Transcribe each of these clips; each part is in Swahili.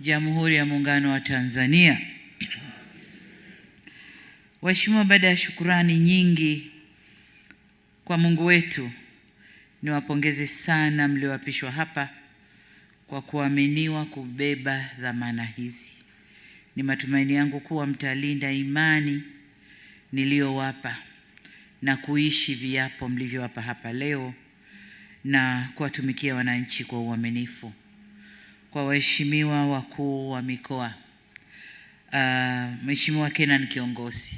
Jamhuri ya Muungano wa Tanzania. Waheshimiwa, baada ya shukurani nyingi kwa Mungu wetu, niwapongeze sana mlioapishwa hapa kwa kuaminiwa kubeba dhamana hizi. Ni matumaini yangu kuwa mtalinda imani niliyowapa na kuishi viapo mlivyowapa hapa leo na kuwatumikia wananchi kwa uaminifu kwa waheshimiwa wakuu wa mikoa, uh, Mheshimiwa Kenan kiongozi,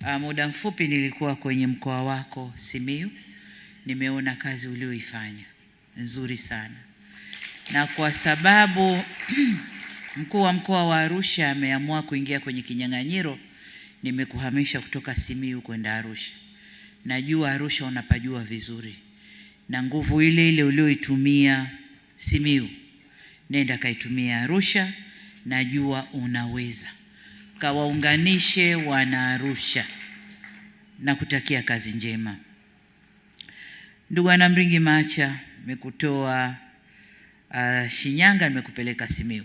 uh, muda mfupi nilikuwa kwenye mkoa wako Simiyu, nimeona kazi ulioifanya nzuri sana, na kwa sababu mkuu wa mkoa wa Arusha ameamua kuingia kwenye kinyang'anyiro, nimekuhamisha kutoka Simiyu kwenda Arusha. Najua Arusha unapajua vizuri, na nguvu ile ile ulioitumia Simiyu nenda kaitumia Arusha, najua unaweza. Kawaunganishe wana Arusha na kutakia kazi njema. Ndugu Ana Mringi Macha, nimekutoa uh, Shinyanga, nimekupeleka Simiu.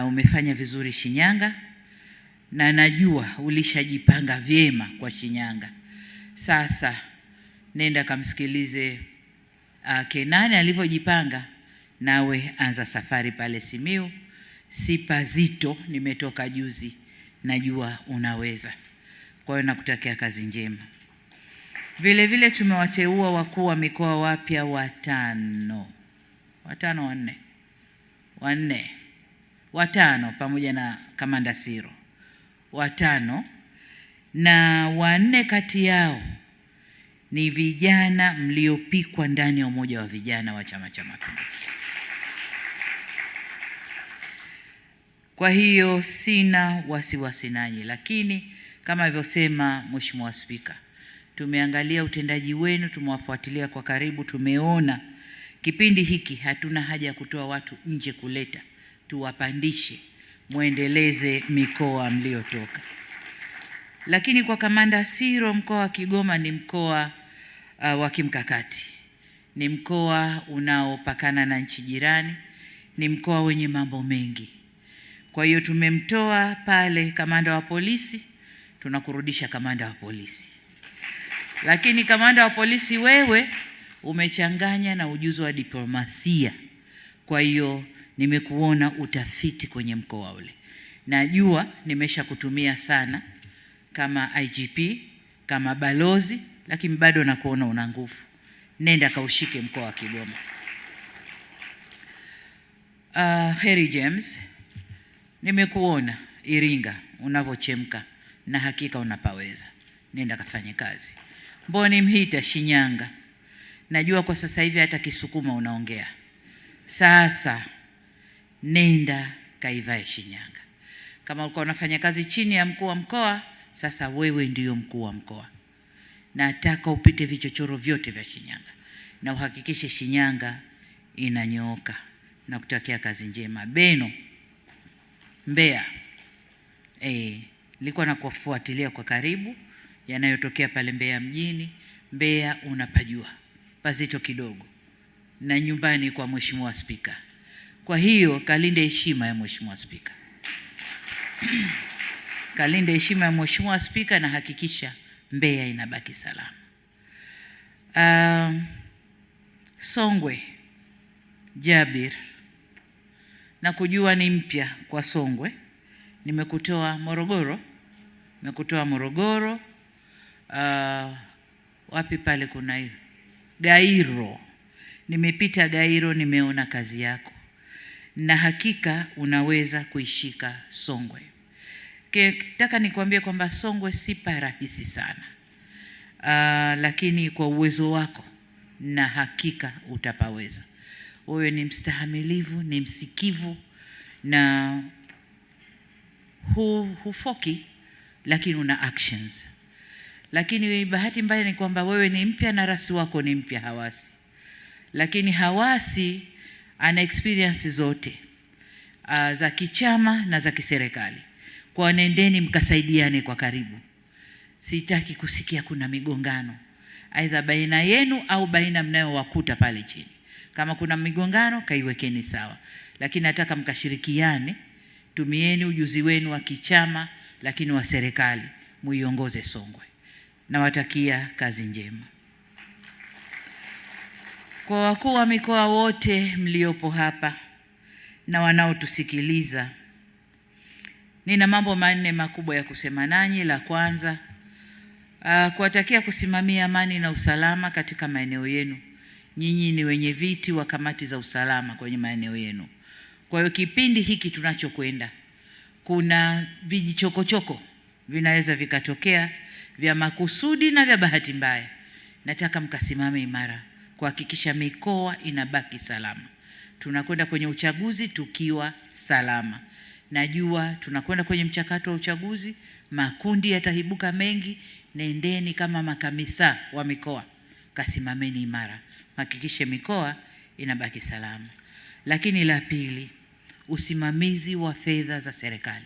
Uh, umefanya vizuri Shinyanga na najua ulishajipanga vyema kwa Shinyanga. Sasa nenda kamsikilize uh, Kenani alivyojipanga nawe anza safari pale Simiu. Si pazito, nimetoka juzi, najua unaweza. Kwa hiyo nakutakia kazi njema. Vile vile tumewateua wakuu wa mikoa wapya watano, watano wanne, wanne watano, pamoja na kamanda Siro, watano na wanne kati yao ni vijana mliopikwa ndani ya umoja wa vijana wa Chama cha Mapinduzi. Kwa hiyo sina wasiwasi nanyi, lakini kama alivyosema Mheshimiwa Spika, tumeangalia utendaji wenu, tumewafuatilia kwa karibu, tumeona kipindi hiki hatuna haja ya kutoa watu nje kuleta, tuwapandishe mwendeleze mikoa mliotoka. Lakini kwa Kamanda Siro, mkoa wa Kigoma ni mkoa uh, wa kimkakati, ni mkoa unaopakana na nchi jirani, ni mkoa wenye mambo mengi kwa hiyo tumemtoa pale kamanda wa polisi, tunakurudisha kamanda wa polisi. Lakini kamanda wa polisi wewe umechanganya na ujuzi wa diplomasia, kwa hiyo nimekuona utafiti kwenye mkoa ule. Najua nimeshakutumia sana kama IGP, kama balozi, lakini bado nakuona una nguvu. Nenda kaushike mkoa wa Kigoma. Uh, ah, Harry James Nimekuona Iringa unavochemka na hakika unapaweza, nenda kafanye kazi. Mboni Mhita Shinyanga, najua kwa sasa hivi hata Kisukuma unaongea sasa, nenda kaivae Shinyanga. Kama ulikuwa unafanya kazi chini ya mkuu wa mkoa, sasa wewe ndiyo mkuu wa mkoa. Nataka upite vichochoro vyote vya Shinyanga na uhakikishe Shinyanga inanyooka. Nakutakia kazi njema Beno. Mbeya eh, nilikuwa e, na kufuatilia kwa karibu yanayotokea pale Mbeya mjini. Mbeya unapajua pazito kidogo na nyumbani kwa Mheshimiwa Spika. Kwa hiyo kalinde heshima ya Mheshimiwa Spika kalinde heshima ya Mheshimiwa Spika na hakikisha Mbeya inabaki salama. Um, Songwe Jabir na kujua ni mpya kwa Songwe. Nimekutoa Morogoro, nimekutoa Morogoro. Uh, wapi pale kuna hiyo Gairo, nimepita Gairo, nimeona kazi yako na hakika unaweza kuishika Songwe. Nataka nikuambie kwamba Songwe si pa rahisi sana uh, lakini kwa uwezo wako na hakika utapaweza wewe ni mstahamilivu, ni msikivu na hu, hufoki lakini una actions. Lakini bahati mbaya ni kwamba wewe ni mpya na rasi wako ni mpya Hawasi, lakini Hawasi ana experience zote uh, za kichama na za kiserikali. Kwa nendeni mkasaidiane kwa karibu. Sitaki kusikia kuna migongano aidha baina yenu au baina mnayowakuta pale chini. Kama kuna migongano, kaiwekeni sawa, lakini nataka mkashirikiane, tumieni ujuzi wenu wa kichama, lakini wa serikali, muiongoze Songwe. Nawatakia kazi njema. Kwa wakuu wa mikoa wote mliopo hapa na wanaotusikiliza, nina mambo manne makubwa ya kusema nanyi. La kwanza, uh, kuwatakia kusimamia amani na usalama katika maeneo yenu nyinyi ni wenye viti wa kamati za usalama kwenye maeneo yenu. Kwa hiyo kipindi hiki tunachokwenda, kuna vijichokochoko vinaweza vikatokea vya makusudi na vya bahati mbaya. Nataka mkasimame imara kuhakikisha mikoa inabaki salama. Tunakwenda kwenye uchaguzi tukiwa salama. Najua tunakwenda kwenye mchakato wa uchaguzi, makundi yataibuka mengi. Nendeni kama makamisa wa mikoa, kasimameni imara hakikishe mikoa inabaki salama. Lakini la pili, usimamizi wa fedha za serikali.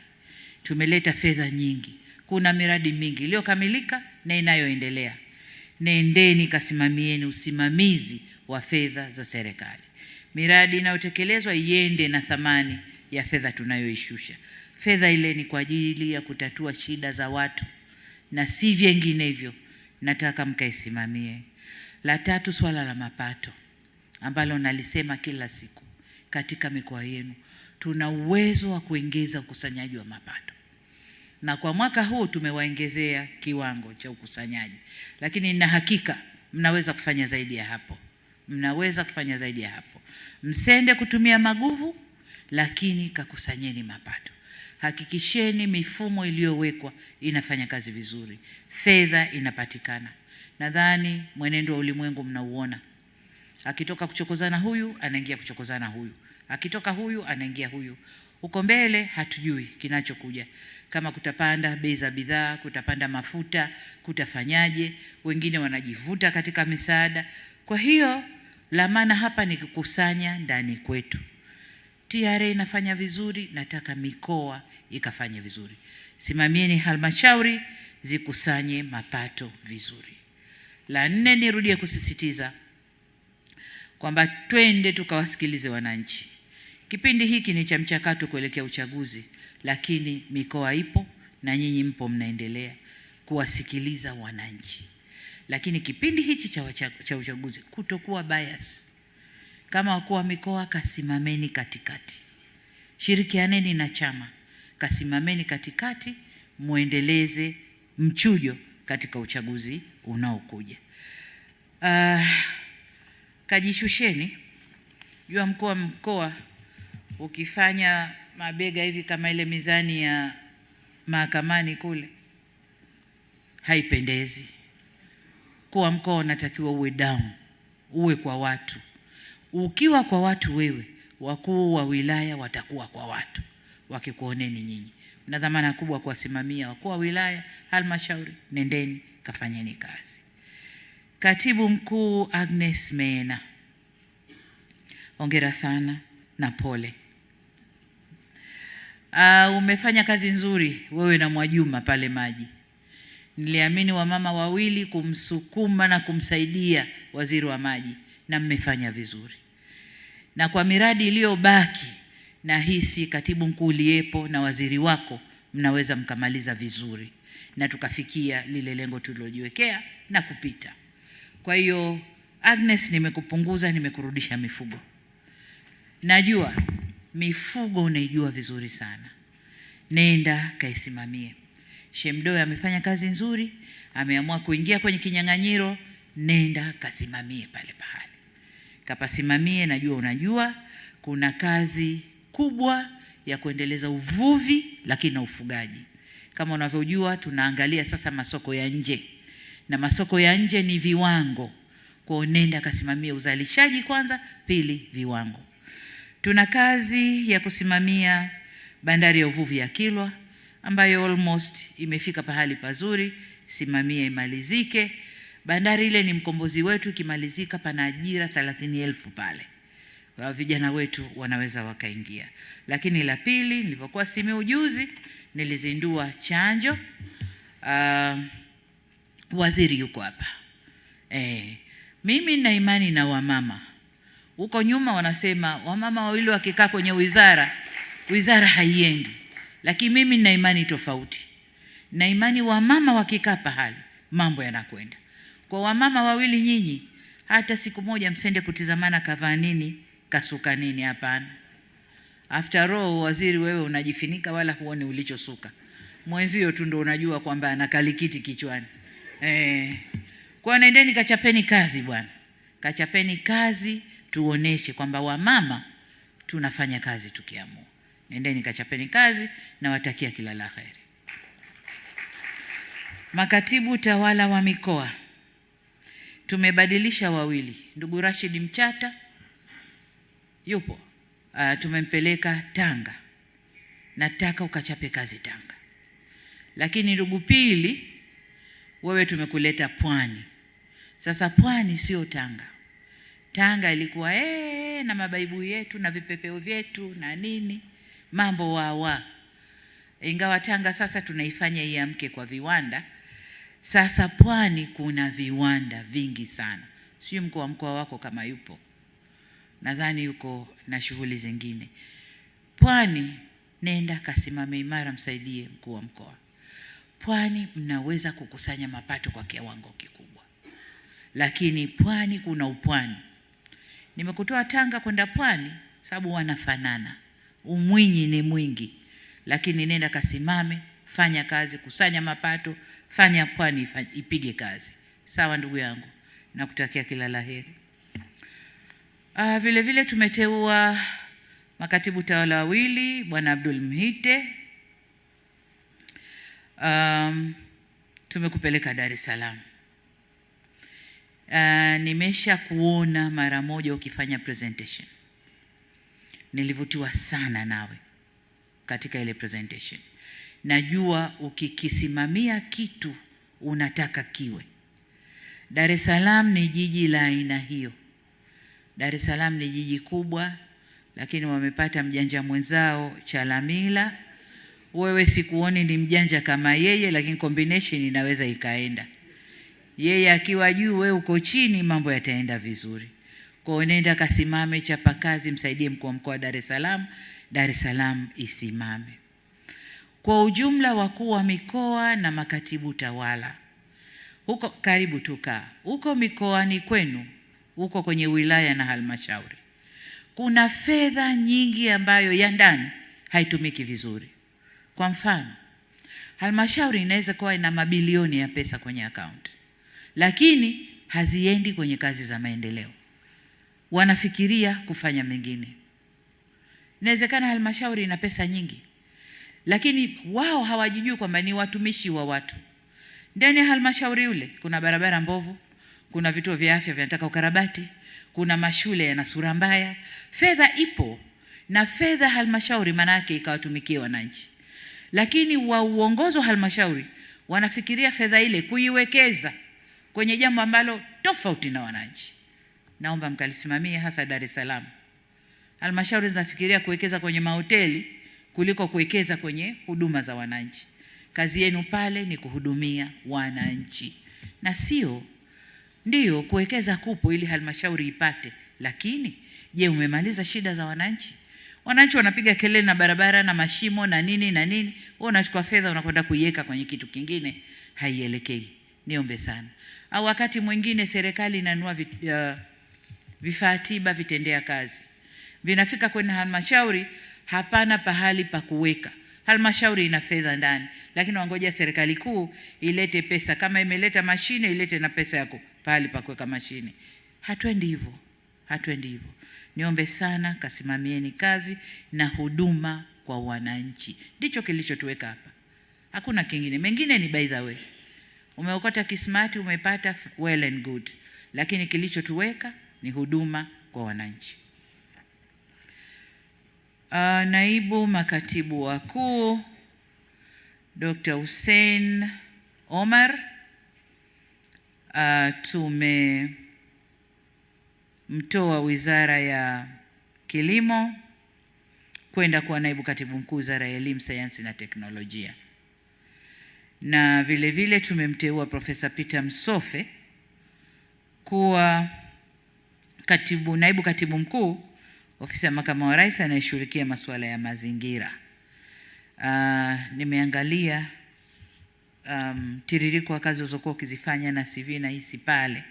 Tumeleta fedha nyingi, kuna miradi mingi iliyokamilika na inayoendelea. Nendeni kasimamieni usimamizi wa fedha za serikali. Miradi inayotekelezwa iende na thamani ya fedha tunayoishusha. Fedha ile ni kwa ajili ya kutatua shida za watu na si vinginevyo. Nataka mkaisimamie. La tatu, swala la mapato ambalo nalisema kila siku katika mikoa yenu, tuna uwezo wa kuingiza ukusanyaji wa mapato, na kwa mwaka huu tumewaongezea kiwango cha ukusanyaji, lakini nina hakika mnaweza kufanya zaidi ya hapo, mnaweza kufanya zaidi ya hapo. Msende kutumia maguvu, lakini kakusanyeni mapato. Hakikisheni mifumo iliyowekwa inafanya kazi vizuri, fedha inapatikana. Nadhani mwenendo wa ulimwengu mnauona, akitoka kuchokozana huyu anaingia kuchokozana huyu, akitoka huyu anaingia huyu. Huko mbele hatujui kinachokuja, kama kutapanda bei za bidhaa, kutapanda mafuta, kutafanyaje? Wengine wanajivuta katika misaada. Kwa hiyo la maana hapa ni kukusanya ndani kwetu. TRA inafanya vizuri, nataka mikoa ikafanye vizuri. Simamieni halmashauri zikusanye mapato vizuri. La nne, nirudie kusisitiza kwamba twende tukawasikilize wananchi. Kipindi hiki ni cha mchakato kuelekea uchaguzi, lakini mikoa ipo na nyinyi mpo mnaendelea kuwasikiliza wananchi. Lakini kipindi hichi cha, cha uchaguzi kutokuwa bias. Kama wakuu wa mikoa, kasimameni katikati, shirikianeni na chama, kasimameni katikati, muendeleze mchujo katika uchaguzi unaokuja. Uh, kajishusheni. Jua mkuu wa mkoa ukifanya mabega hivi kama ile mizani ya mahakamani kule haipendezi. Mkuu wa mkoa unatakiwa uwe down, uwe kwa watu. Ukiwa kwa watu wewe, wakuu wa wilaya watakuwa kwa watu wakikuoneni nyinyi na dhamana kubwa kuwasimamia wakuu wa wilaya, halmashauri, nendeni kafanyeni kazi. Katibu Mkuu Agnes mena hongera sana na pole. Uh, umefanya kazi nzuri wewe na Mwajuma pale maji. Niliamini wamama wawili kumsukuma na kumsaidia waziri wa maji, na mmefanya vizuri, na kwa miradi iliyobaki nahisi katibu mkuu uliyepo na waziri wako mnaweza mkamaliza vizuri na tukafikia lile lengo tulilojiwekea na kupita. Kwa hiyo Agnes, nimekupunguza nimekurudisha mifugo. Najua mifugo unaijua vizuri sana, nenda kaisimamie. Shemdoe amefanya kazi nzuri, ameamua kuingia kwenye kinyang'anyiro, nenda kasimamie pale pale, kapasimamie. Najua unajua kuna kazi kubwa ya kuendeleza uvuvi lakini na ufugaji. Kama unavyojua, tunaangalia sasa masoko ya nje, na masoko ya nje ni viwango. Kwa nenda akasimamia uzalishaji kwanza, pili viwango. Tuna kazi ya kusimamia bandari ya uvuvi ya Kilwa ambayo almost imefika pahali pazuri, simamia imalizike. Bandari ile ni mkombozi wetu, ikimalizika pana ajira 30,000 pale wa vijana wetu wanaweza wakaingia. Lakini la pili, nilivyokuwa Simiyu ujuzi nilizindua chanjo uh, waziri yuko hapa eh, mimi na imani na wamama. Huko nyuma wanasema wamama wawili wakikaa kwenye wizara wizara haiendi, lakini mimi nina imani tofauti. Na imani wamama wakikaa pahali mambo yanakwenda. Kwa wamama wawili nyinyi, hata siku moja msende kutizamana kavaa nini kasuka nini. Hapana, after all waziri, wewe unajifinika wala huoni ulichosuka, mwenzio tu ndo unajua kwamba ana kalikiti kichwani eh. Kwa nendeni kachapeni kazi bwana, kachapeni kazi, tuoneshe kwamba wamama tunafanya kazi tukiamua. Nendeni kachapeni kazi, nawatakia kila la heri. Makatibu tawala wa mikoa tumebadilisha wawili, ndugu Rashid Mchata yupo uh, tumempeleka Tanga, nataka ukachape kazi Tanga. Lakini ndugu Pili, wewe tumekuleta Pwani. Sasa Pwani sio Tanga. Tanga ilikuwa ee, na mabaibu yetu na vipepeo vyetu na nini mambo wawa. Ingawa Tanga sasa tunaifanya iamke kwa viwanda. Sasa Pwani kuna viwanda vingi sana, sijui mkuu wa mkoa wako kama yupo nadhani yuko na shughuli zingine. Pwani, nenda kasimame imara, msaidie mkuu wa mkoa. Pwani mnaweza kukusanya mapato kwa kiwango kikubwa, lakini pwani kuna upwani. Nimekutoa Tanga kwenda pwani sababu wanafanana, umwinyi ni mwingi, lakini nenda kasimame, fanya kazi, kusanya mapato, fanya pwani ipige kazi. Sawa ndugu yangu, nakutakia kila la heri. Uh, vile vile tumeteua makatibu tawala wawili Bwana Abdul Mhite. Um, tumekupeleka Dar es Salaam. Uh, nimesha kuona mara moja ukifanya presentation. Nilivutiwa sana nawe katika ile presentation. Najua ukikisimamia kitu unataka kiwe. Dar es Salaam ni jiji la aina hiyo. Dar es Salaam ni jiji kubwa, lakini wamepata mjanja mwenzao Chalamila. Wewe sikuoni ni mjanja kama yeye, lakini combination inaweza ikaenda, yeye akiwa juu, wewe uko chini, mambo yataenda vizuri. Kwa nenda kasimame, chapa kazi, msaidie mkuu wa mkoa wa Dar es Salaam, Dar es Salaam isimame. Kwa ujumla, wakuu wa mikoa na makatibu tawala huko, karibu tukaa huko mikoani kwenu huko kwenye wilaya na halmashauri, kuna fedha nyingi ambayo ya ndani haitumiki vizuri. Kwa mfano, halmashauri inaweza kuwa ina mabilioni ya pesa kwenye akaunti, lakini haziendi kwenye kazi za maendeleo, wanafikiria kufanya mengine. Inawezekana halmashauri ina pesa nyingi, lakini wao hawajijui kwamba ni watumishi wa watu. Ndani ya halmashauri yule kuna barabara mbovu, kuna vituo vya afya vinataka ukarabati, kuna mashule yana sura mbaya. Fedha ipo na fedha halmashauri, yake ikawatumikia wananchi, lakini wa uongozi wa halmashauri wanafikiria fedha ile kuiwekeza kwenye jambo ambalo tofauti na wananchi. Naomba mkalisimamie, hasa Dar es Salaam. Halmashauri zinafikiria kuwekeza kwenye mahoteli kuliko kuwekeza kwenye huduma za wananchi. Kazi yenu pale ni kuhudumia wananchi na sio Ndiyo, kuwekeza kupo ili halmashauri ipate, lakini je, umemaliza shida za wananchi? Wananchi wanapiga kelele na barabara na mashimo na nini na nini, wewe unachukua fedha unakwenda kuiweka kwenye kitu kingine, haielekei. Niombe sana. Au wakati mwingine serikali inanua uh, vifaa tiba, vitendea kazi, vinafika kwenye halmashauri, hapana pahali pa kuweka. Halmashauri ina fedha ndani, lakini wangoja serikali kuu ilete pesa. Kama imeleta mashine, ilete na pesa yako pahali pa kuweka mashine. Hatuendi hivyo, hatuendi hivyo. Niombe sana, kasimamieni kazi na huduma kwa wananchi, ndicho kilichotuweka hapa, hakuna kingine. Mengine ni by the way, umeokota kismati, umepata well and good, lakini kilichotuweka ni huduma kwa wananchi. Uh, naibu makatibu wakuu Dr. Hussein Omar. Uh, tumemtoa Wizara ya Kilimo kwenda kuwa naibu katibu mkuu Wizara ya Elimu, Sayansi na Teknolojia, na vile vile tumemteua Profesa Peter Msofe kuwa katibu, naibu katibu mkuu ofisi ya makamu wa rais anayeshughulikia masuala ya mazingira. Uh, nimeangalia um, tiririko wa kazi ulizokuwa ukizifanya na CV na hisi pale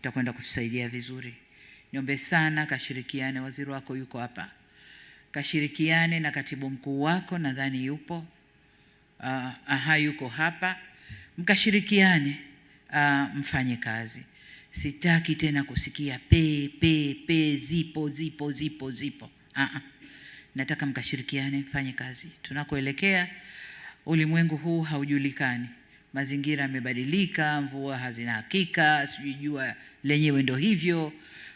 utakwenda kutusaidia vizuri. Niombe sana kashirikiane, waziri wako yuko hapa, kashirikiane na katibu mkuu wako, nadhani yupo uh, aha, yuko hapa, mkashirikiane uh, mfanye kazi. Sitaki tena kusikia pe pe pe, zipo zipo zipo zipo. Aa, ah, ah. nataka mkashirikiane mfanye kazi. Tunakoelekea ulimwengu huu haujulikani, mazingira yamebadilika, mvua hazina hakika, sijui jua lenyewe ndo hivyo.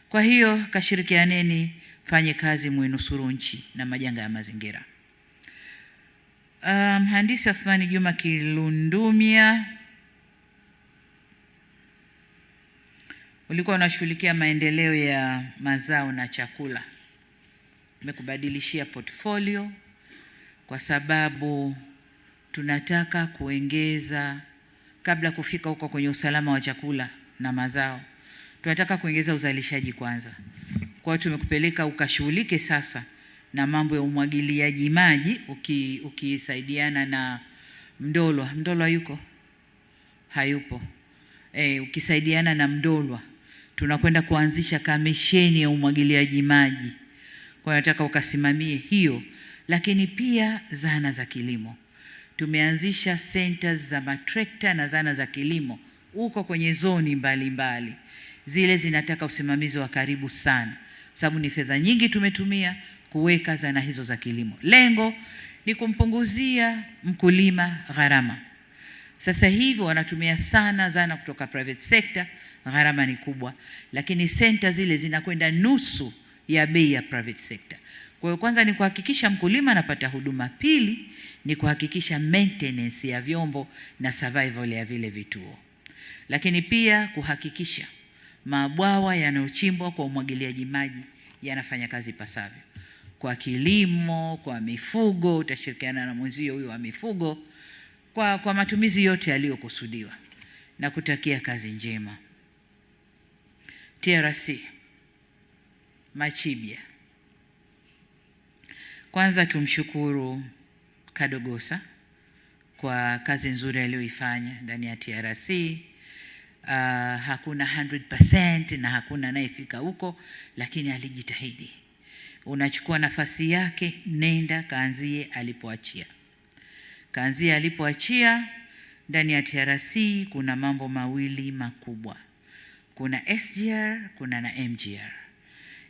Kwa hiyo kashirikianeni, fanye kazi, muinusuru nchi na majanga ya mazingira. Ah, mhandisi um, Athmani Juma Kilundumia ulikuwa unashughulikia maendeleo ya mazao na chakula. umekubadilishia portfolio kwa sababu tunataka kuongeza, kabla kufika huko kwenye usalama wa chakula na mazao, tunataka kuongeza uzalishaji kwanza. Kwa hiyo tumekupeleka ukashughulike sasa na mambo ya umwagiliaji maji, ukisaidiana uki na Mdolwa. Mdolwa yuko hayupo? E, ukisaidiana na Mdolwa tunakwenda kuanzisha kamisheni ya umwagiliaji maji. Kwa hiyo nataka ukasimamie hiyo, lakini pia zana za kilimo. Tumeanzisha centers za matrekta na zana za kilimo huko kwenye zoni mbalimbali mbali. Zile zinataka usimamizi wa karibu sana, sababu ni fedha nyingi tumetumia kuweka zana hizo za kilimo. Lengo ni kumpunguzia mkulima gharama. Sasa hivi wanatumia sana zana kutoka private sector gharama ni kubwa, lakini senta zile zinakwenda nusu ya bei ya private sector. Kwa hiyo kwanza ni kuhakikisha mkulima anapata huduma, pili ni kuhakikisha maintenance ya vyombo na survival ya vile vituo, lakini pia kuhakikisha mabwawa yanayochimbwa kwa umwagiliaji maji yanafanya kazi pasavyo. Kwa kilimo, kwa mifugo, utashirikiana na mwenzio huyo wa mifugo, kwa, kwa matumizi yote yaliyokusudiwa na kutakia kazi njema. TRC Machibia. Kwanza tumshukuru Kadogosa kwa kazi nzuri aliyoifanya ndani ya TRC. Uh, ah, hakuna 100% na hakuna anayefika huko, lakini alijitahidi. Unachukua nafasi yake, nenda kaanzie alipoachia, kaanzie alipoachia. Ndani ya TRC kuna mambo mawili makubwa kuna SGR, kuna na MGR.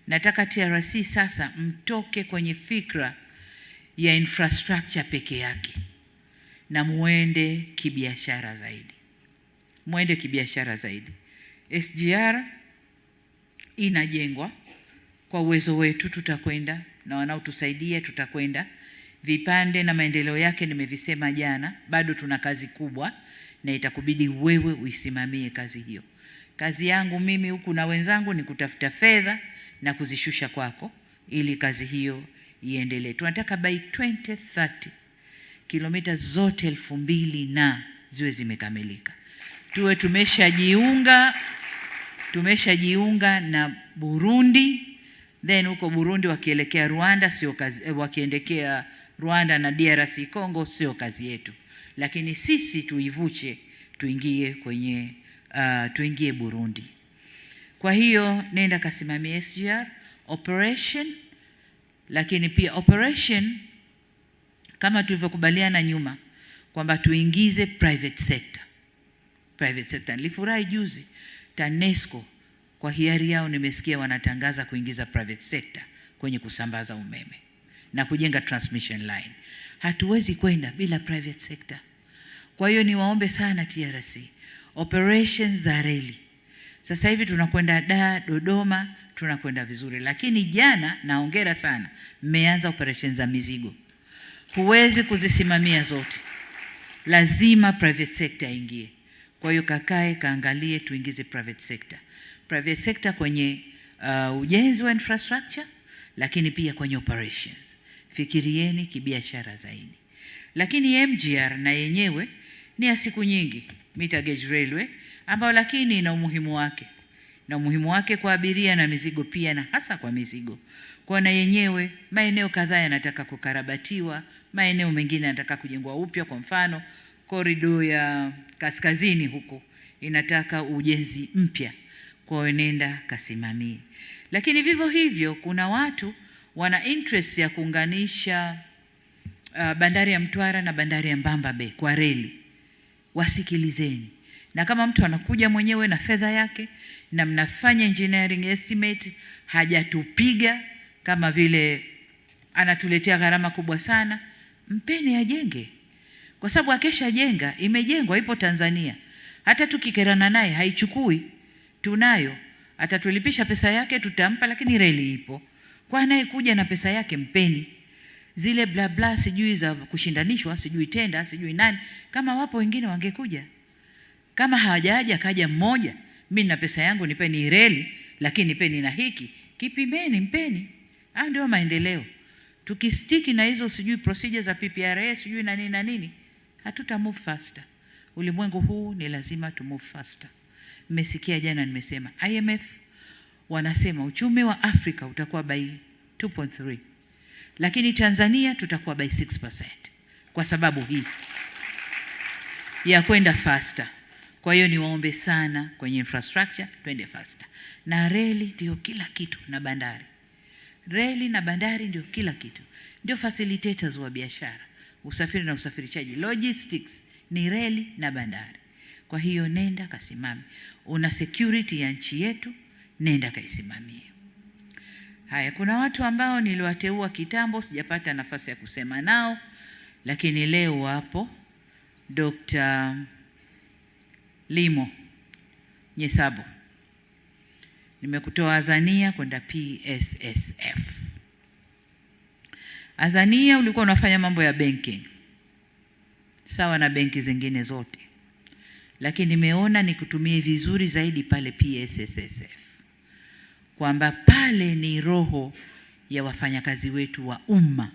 Nataka TRC sasa mtoke kwenye fikra ya infrastructure peke yake na muende kibiashara zaidi, muende kibiashara zaidi. SGR inajengwa kwa uwezo wetu, tutakwenda na wanaotusaidia tutakwenda. Vipande na maendeleo yake nimevisema jana, bado tuna kazi kubwa, na itakubidi wewe uisimamie kazi hiyo. Kazi yangu mimi huku na wenzangu ni kutafuta fedha na kuzishusha kwako ili kazi hiyo iendelee. Tunataka by 2030 kilomita zote elfu mbili na ziwe zimekamilika, tuwe tumeshajiunga tumeshajiunga na Burundi, then huko Burundi wakielekea Rwanda sio kazi, eh, wakiendekea Rwanda na DRC Congo sio kazi yetu, lakini sisi tuivuche tuingie kwenye uh, tuingie Burundi. Kwa hiyo nenda kasimamia SGR operation, lakini pia operation kama tulivyokubaliana nyuma kwamba tuingize private sector. Private sector, nilifurahi juzi TANESCO kwa hiari yao nimesikia wanatangaza kuingiza private sector kwenye kusambaza umeme na kujenga transmission line. Hatuwezi kwenda bila private sector. Kwa hiyo niwaombe sana TRC operations za reli. Sasa hivi tunakwenda da Dodoma, tunakwenda vizuri, lakini jana, naongera sana, mmeanza operations za mizigo. Huwezi kuzisimamia zote, lazima private sector aingie. Kwa hiyo kakae kaangalie, tuingize private sector, private sector kwenye uh, ujenzi wa infrastructure, lakini pia kwenye operations. Fikirieni kibiashara zaidi, lakini MGR na yenyewe ni ya siku nyingi meter gauge railway ambayo lakini ina umuhimu wake na umuhimu wake kwa abiria na mizigo pia, na hasa kwa mizigo, kwa na yenyewe maeneo kadhaa yanataka kukarabatiwa, maeneo mengine yanataka kujengwa upya. Kwa mfano korido ya kaskazini huko inataka ujenzi mpya, kwa nenda kasimamie. Lakini vivyo hivyo kuna watu wana interest ya kuunganisha uh, bandari ya Mtwara na bandari ya Mbamba Bay kwa reli wasikilizeni. Na kama mtu anakuja mwenyewe na fedha yake na mnafanya engineering estimate, hajatupiga kama vile anatuletea gharama kubwa sana, mpeni ajenge, kwa sababu akesha jenga imejengwa, ipo Tanzania. Hata tukikerana naye haichukui, tunayo, atatulipisha pesa yake, tutampa, lakini reli ipo. Kwa anayekuja na pesa yake, mpeni zile bla bla sijui za kushindanishwa sijui tenda sijui nani, kama wapo wengine wangekuja. Kama hawajaja kaja mmoja, mi na pesa yangu nipeni reli, lakini nipeni na hiki kipimeni, mpeni. Hayo ndio maendeleo. Tukistiki na hizo sijui procedure za PPRA sijui na nini na nini, hatuta move faster. Ulimwengu huu ni lazima tu move faster. Mmesikia jana nimesema IMF wanasema uchumi wa Afrika utakuwa by 2.3 lakini Tanzania tutakuwa by 6% kwa sababu hii ya kwenda faster. Kwa hiyo niwaombe sana kwenye infrastructure twende faster, na reli ndio kila kitu na bandari. Reli na bandari ndio kila kitu, ndio facilitators wa biashara, usafiri na usafirishaji. Logistics ni reli na bandari. Kwa hiyo nenda kasimame, una security ya nchi yetu, nenda kaisimamie. Haya, kuna watu ambao niliwateua kitambo, sijapata nafasi ya kusema nao, lakini leo wapo. Dr. Limo Nyesabu, nimekutoa Azania kwenda PSSF. Azania ulikuwa unafanya mambo ya banking sawa na benki zingine zote, lakini nimeona nikutumie vizuri zaidi pale PSSSF kwamba pale ni roho ya wafanyakazi wetu wa umma,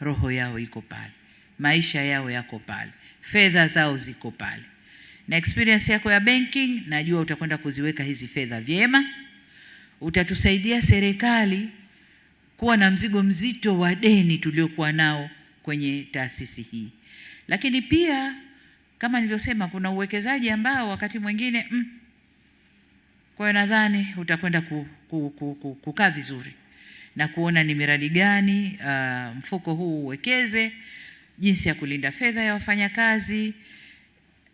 roho yao iko pale, maisha yao yako pale, fedha zao ziko pale. Na experience yako ya banking, najua utakwenda kuziweka hizi fedha vyema, utatusaidia serikali kuwa na mzigo mzito wa deni tuliokuwa nao kwenye taasisi hii. Lakini pia kama nilivyosema, kuna uwekezaji ambao wakati mwingine mm, kwa hiyo nadhani utakwenda ku, ku, ku, ku, kukaa vizuri na kuona ni miradi gani uh, mfuko huu uwekeze, jinsi ya kulinda fedha ya wafanyakazi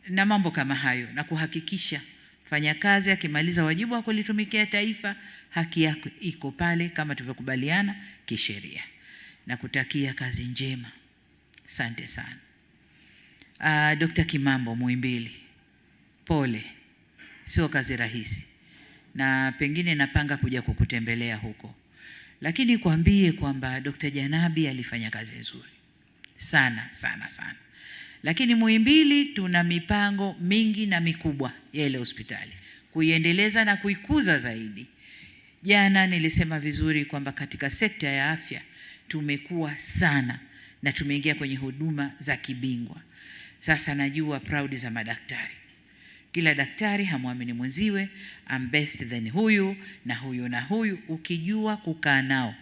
na mambo kama hayo, na kuhakikisha mfanyakazi akimaliza wajibu wa kulitumikia taifa, haki yake iko pale kama tulivyokubaliana kisheria, na kutakia kazi njema. Asante sana. Uh, Dr. Kimambo Muimbili, pole, sio kazi rahisi na pengine napanga kuja kukutembelea huko, lakini kuambie kwamba Dr. Janabi alifanya kazi nzuri sana sana sana. Lakini Muhimbili tuna mipango mingi na mikubwa ya ile hospitali kuiendeleza na kuikuza zaidi. Jana nilisema vizuri kwamba katika sekta ya afya tumekuwa sana na tumeingia kwenye huduma za kibingwa. Sasa najua proud za madaktari kila daktari hamwamini mwenziwe, am best than huyu na huyu na huyu. Ukijua kukaa nao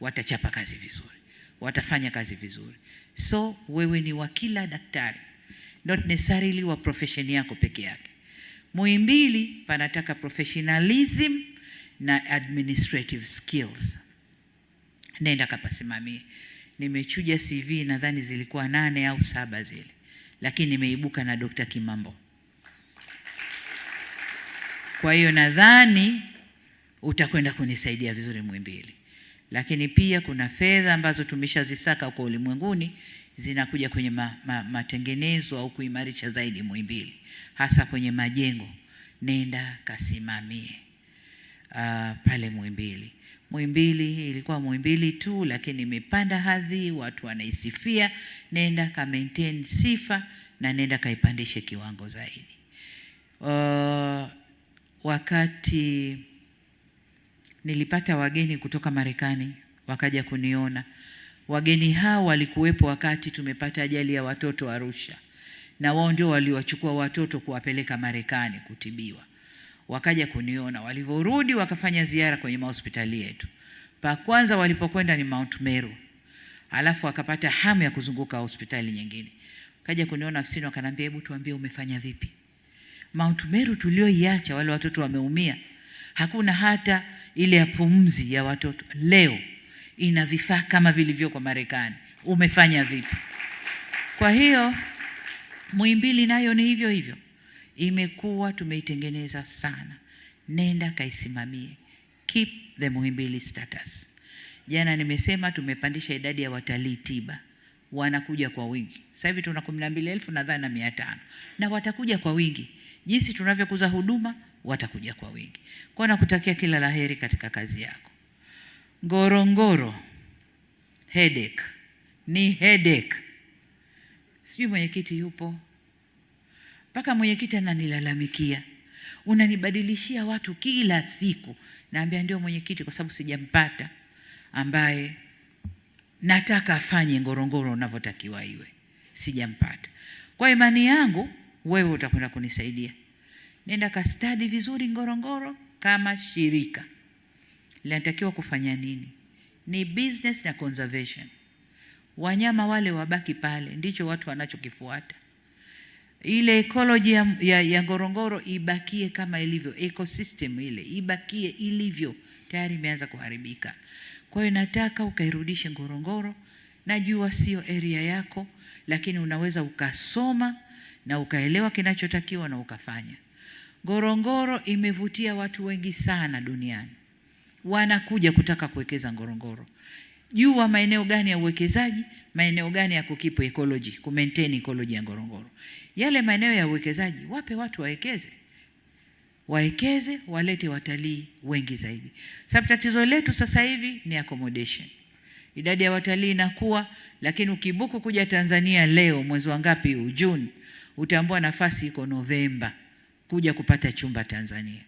watachapa kazi vizuri, watafanya kazi vizuri. So wewe ni wa kila daktari, not necessarily wa profession yako peke yake. Muhimbili panataka professionalism na administrative skills. Nenda kapasimamie. Nimechuja CV nadhani zilikuwa nane au saba zile, lakini nimeibuka na Dr. Kimambo. Kwa hiyo nadhani utakwenda kunisaidia vizuri Muhimbili, lakini pia kuna fedha ambazo tumeshazisaka kwa ulimwenguni zinakuja kwenye ma, ma, matengenezo au kuimarisha zaidi Muhimbili, hasa kwenye majengo. Nenda kasimamie uh, pale Muhimbili. Muhimbili ilikuwa Muhimbili tu, lakini imepanda hadhi, watu wanaisifia. Nenda ka maintain sifa na nenda kaipandishe kiwango zaidi uh, wakati nilipata wageni kutoka Marekani wakaja kuniona. Wageni hao walikuwepo wakati tumepata ajali ya watoto Arusha, na wao ndio waliwachukua watoto kuwapeleka Marekani kutibiwa. Wakaja kuniona, walivyorudi wakafanya ziara kwenye mahospitali yetu. Pa kwanza walipokwenda ni Mount Meru, alafu wakapata hamu ya kuzunguka hospitali nyingine, Kaja kuniona afsini wakaniambia, hebu tuambie umefanya vipi Mount Meru tulioiacha, wale watoto wameumia. Hakuna hata ile ya pumzi ya watoto, leo ina vifaa kama vilivyoko Marekani. Umefanya vipi? Kwa hiyo Muhimbili nayo ni hivyo hivyo, imekuwa tumeitengeneza sana. Nenda kaisimamie, keep the Muhimbili status. Jana nimesema tumepandisha idadi ya watalii tiba, wanakuja kwa wingi. Sasa hivi tuna kumi na mbili elfu nadhani na mia tano na watakuja kwa wingi jinsi tunavyokuza huduma watakuja kwa wingi. Kwa nakutakia kila laheri katika kazi yako. Ngorongoro headache ni headache, sijui mwenyekiti yupo, mpaka mwenyekiti ananilalamikia unanibadilishia watu kila siku. Naambia ndio mwenyekiti, kwa sababu sijampata ambaye nataka afanye Ngorongoro unavyotakiwa iwe, sijampata. Kwa imani yangu wewe utakwenda kunisaidia. Nenda kastadi vizuri Ngorongoro kama shirika linatakiwa kufanya nini. Ni business na conservation, wanyama wale wabaki pale, ndicho watu wanachokifuata. Ile ecology ya, ya, ya Ngorongoro ibakie kama ilivyo, ecosystem ile ibakie ilivyo, tayari imeanza kuharibika. Kwa hiyo nataka ukairudishe Ngorongoro. Najua sio area yako, lakini unaweza ukasoma na ukaelewa kinachotakiwa na ukafanya. Ngorongoro imevutia watu wengi sana duniani, wanakuja kutaka kuwekeza Ngorongoro. Jua maeneo gani ya uwekezaji, maeneo gani ya kukipa ekoloji, ku ekoloji ya Ngorongoro. Yale maeneo ya uwekezaji wape watu wawekeze, wawekeze, walete watalii wengi zaidi. Sababu tatizo letu sasa hivi ni accommodation idadi ya watalii inakuwa, lakini ukibuku kuja Tanzania leo mwezi wa ngapi huu, Juni, utaambua nafasi iko Novemba kuja kupata chumba Tanzania.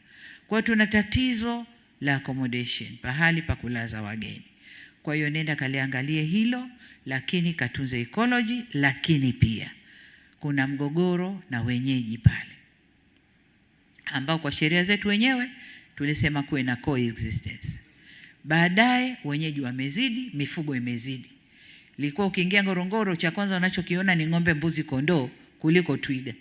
Kwa tuna tatizo la accommodation, pahali pa kulaza wageni. Kwa hiyo nenda kaliangalie hilo, lakini katunze ecology, lakini pia kuna mgogoro na wenyeji pale, ambao kwa sheria zetu wenyewe tulisema kuwe na coexistence. Baadaye wenyeji wamezidi, mifugo imezidi. Ilikuwa ukiingia Ngorongoro, cha kwanza unachokiona ni ng'ombe, mbuzi, kondoo kuliko twiga.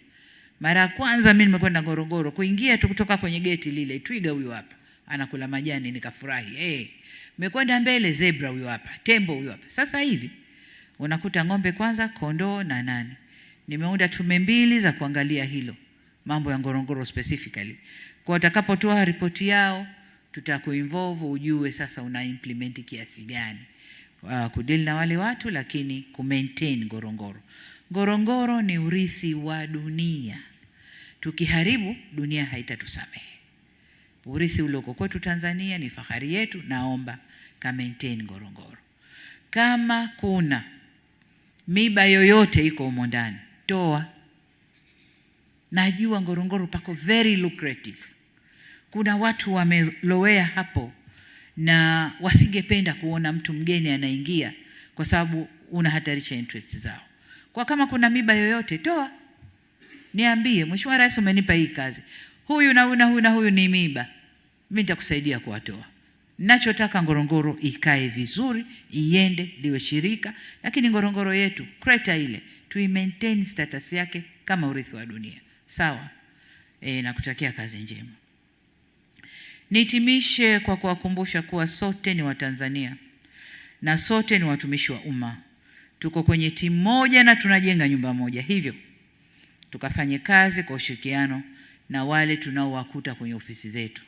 Mara ya kwanza mimi nimekwenda Ngorongoro, kuingia tu kutoka kwenye geti lile, twiga huyo hapa anakula majani, nikafurahi. Eh, Hey, mekwenda mbele, zebra huyo hapa, tembo huyo hapa. Sasa hivi unakuta ng'ombe kwanza, kondoo na nani. Nimeunda tume mbili za kuangalia hilo mambo ya Ngorongoro specifically, kwa watakapotoa ripoti yao tutakuinvolve ujue sasa una implement kiasi gani, uh, ah, kudeal na wale watu lakini kumaintain Ngorongoro. Ngorongoro ni urithi wa dunia. Tukiharibu dunia haitatusamehe. Urithi ulioko kwetu Tanzania ni fahari yetu. Naomba ka maintain Ngorongoro. Kama kuna miba yoyote iko humo ndani, toa. Najua Ngorongoro pako very lucrative. Kuna watu wamelowea hapo na wasingependa kuona mtu mgeni anaingia, kwa sababu unahatarisha interest zao. Kwa kama kuna miba yoyote toa, niambie, Mheshimiwa Rais, umenipa hii kazi, huyu na huyu na huyu na huyu ni miba, mimi nitakusaidia kuwatoa. Nachotaka Ngorongoro ikae vizuri, iende liwe shirika, lakini Ngorongoro yetu kreta ile maintain status yake kama urithi wa dunia. Sawa e, nakutakia kazi njema. Nihitimishe kwa kuwakumbusha kuwa sote ni Watanzania na sote ni watumishi wa umma tuko kwenye timu moja na tunajenga nyumba moja, hivyo tukafanye kazi kwa ushirikiano na wale tunaowakuta kwenye ofisi zetu.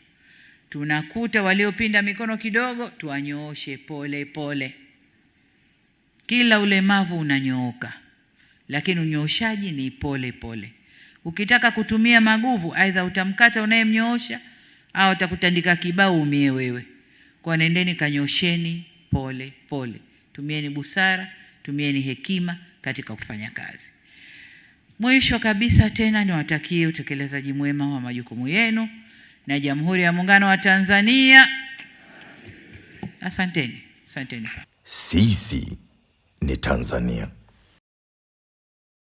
Tunakuta waliopinda mikono kidogo, tuwanyooshe pole pole. Kila ulemavu unanyooka, lakini unyooshaji ni pole pole. Ukitaka kutumia maguvu, aidha utamkata unayemnyoosha au atakutandika kibao umie wewe. Kwa nendeni kanyosheni pole pole, tumieni busara tumieni hekima katika kufanya kazi. Mwisho kabisa tena niwatakie utekelezaji mwema wa majukumu yenu na Jamhuri ya Muungano wa Tanzania. Asanteni, asanteni sana. Sisi ni Tanzania.